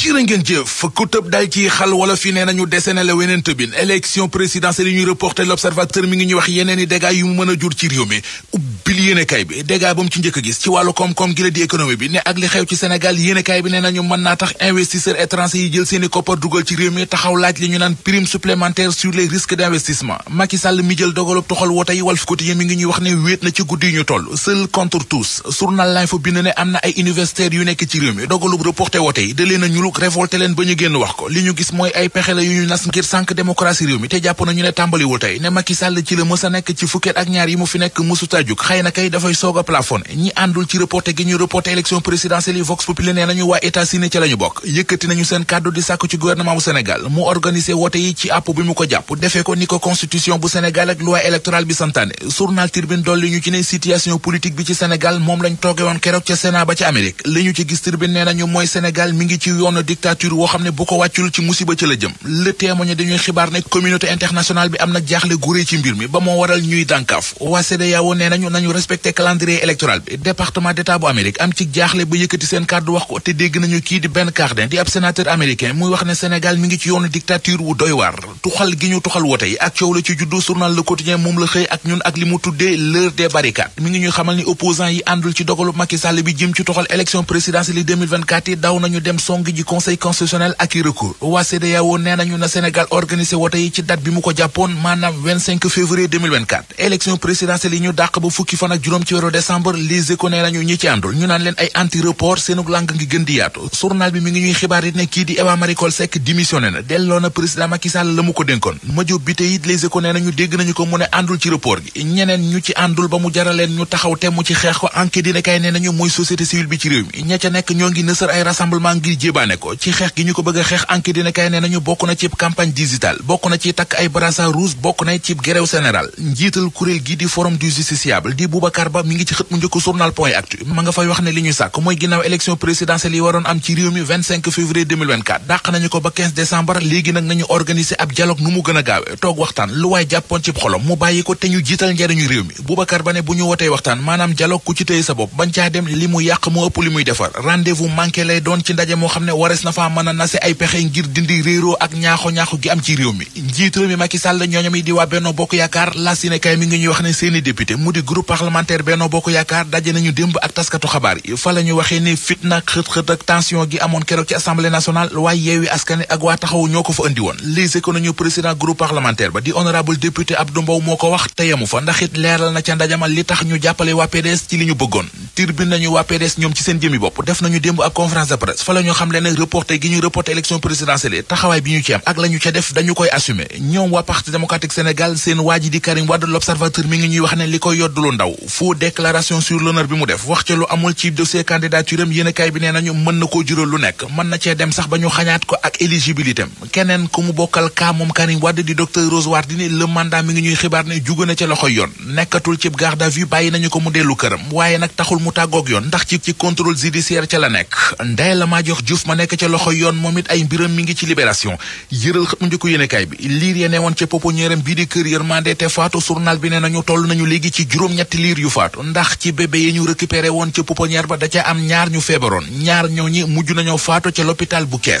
jërë ngeen jëf ku tëb dal ci xal wala fi nee nañu desene weneen tëbin élection présidentielle yi ñuy reporté l'observateur mi ngi ñuy wax yeneen i yu mën a jur ci réew mi ubbil yéenekaay bi dégâts ba ci njëkk gis ci wàllu koom-koom gi la di économie bi ne ak li xew ci Sénégal yéenekaay bi nee nañu mën naa tax investisseurs étrangers yi jël seeni koppar dugal ci réew mi taxaw laaj li ñu naan prime supplémentaire sur les risques d'investissement da leen jóg révolté leen ba ñu génn wax ko li ñu gis mooy ay pexe yu ñu nas ngir sànk démocratie réew mi te jàpp nañu ne tàmbaliwul tey ne Macky Sall ci la mës nekk ci fukkeet ak ñaar yi mu fi nekk mësuta jóg xëy dafay soog a ñi àndul ci reporté gi ñu reporté élection présidentielle vox populi nee nañu waa États-Unis ca la bokk yëkkati nañu seen kàddu di sàkk ci gouvernement bu Sénégal mu organisé wote yi ci àpp bi mu ko jàpp defee ko ni na woo xam ne bu ko wàccul ci musiba ci la jëm le témoigné dañuy xibaar ne communauté internationale bi am na jaaxle gu ci mbir mi ba moo waral ñuy dànkaaf waa CEDEAO nee nañu nañu respecté calendrier électoral bi département d'état bu Amérique am ci jaaxle ba yëkkati seen kàddu wax ko te dégg nañu kii di Ben Cardin di ab sénateur américain muy wax ne Sénégal mi ngi ci yoonu dictature wu doy waar tuxal gi ñu tuxal wote yi ak coow la ci juddu conseil constitutionnel ak i recours waa CEDEAO nee nañu na Sénégal organisé wote yi ci date bi mu ko jàppoon maanaam février 2024 élection yi ñu dàq ba fukki fan ak juróom ci weeru décembre Les nee nañu ñi ci àndul ñu naan leen ay anti report seenug làng ngi gën di yaatu journal bi mi ngi ñuy xibaar it ne kii di Awa Marie Coll na delloo na président Macky la mu ko dénkoon Madiop Bitèye it Les Échos nee nañu dégg nañu ko ko ci xeex gi ñu ko bëgg a xeex enquête dina kay nee nañu bokk na cib campagne digitale bokk na ci takk ay brassard rouge bokk na cib grève général njiital kuréel gi di forum du justiciable di Boubacar Ba mi ngi ci xët mu njëkk journal point actu ma nga fay wax ne li ñu sàkk mooy ginnaaw élection présidentielle yi waroon am ci réew mi février 2024 nañu ko ba 15 léegi nag nañu organiser ab dialogue nu mu gën a gaawe toog waxtaan lu waay jàppoon cib xolom mu bàyyi maanaam dialogue ku ci téye warees na faa mën a nase ay pexe ngir dindi réeroo ak ñaaxo-ñaaxo gi am ci réew mi njiit réew mi Macky Sall ñooñom yi di waa Benno Bokk Yaakaar la mi ngi ñuy wax ne seeni député mu di groupe parlementaire Benno Bokk Yaakaar daje nañu démb ak taskatu xabaar yi fa la waxee ne fitna xët-xët ak tension gi amoon keroog ci assemblée nationale waaye yeewi askane ak waa taxaw ñoo ko fa indi woon les économies président groupe parlementaire ba di honorable député Abdou Mbow moo ko wax te yemu fa reporté gi ñu reporté élection présidentielle taxawaay bi ñu ci ak la ca def dañu koy assumer ñoom waa parti démocratique Sénégal seen waa di Karim Wade l'observateur mi ngi ñuy wax ne li koy yodd ndaw faux déclaration sur l'honneur bi mu def wax ca lu amul ci dossier candidature am bi nee nañu mën na koo jural lu nekk mën na cee dem sax ba ñu xañaat ko ak éligibilité keneen ku mu bokkal kaa moom Karim di docteur Rose Wardini nekk ca loxo yoon moom it ay mbiram mi ngi ci libération yëral xët mu njëkko bi liir ya woon ca pouponnière-am bii di kër yërmande te faatu journal bi ne nañu toll nañu léegi ci juróom-ñetti liir yu faatu ndax ci bébé yi ñu récupéré woon ca pouponnière ba da ca am ñaar ñu feebaroon ñaar ñoo ñi mujj nañoo faatu ca l'hôpital bu Kees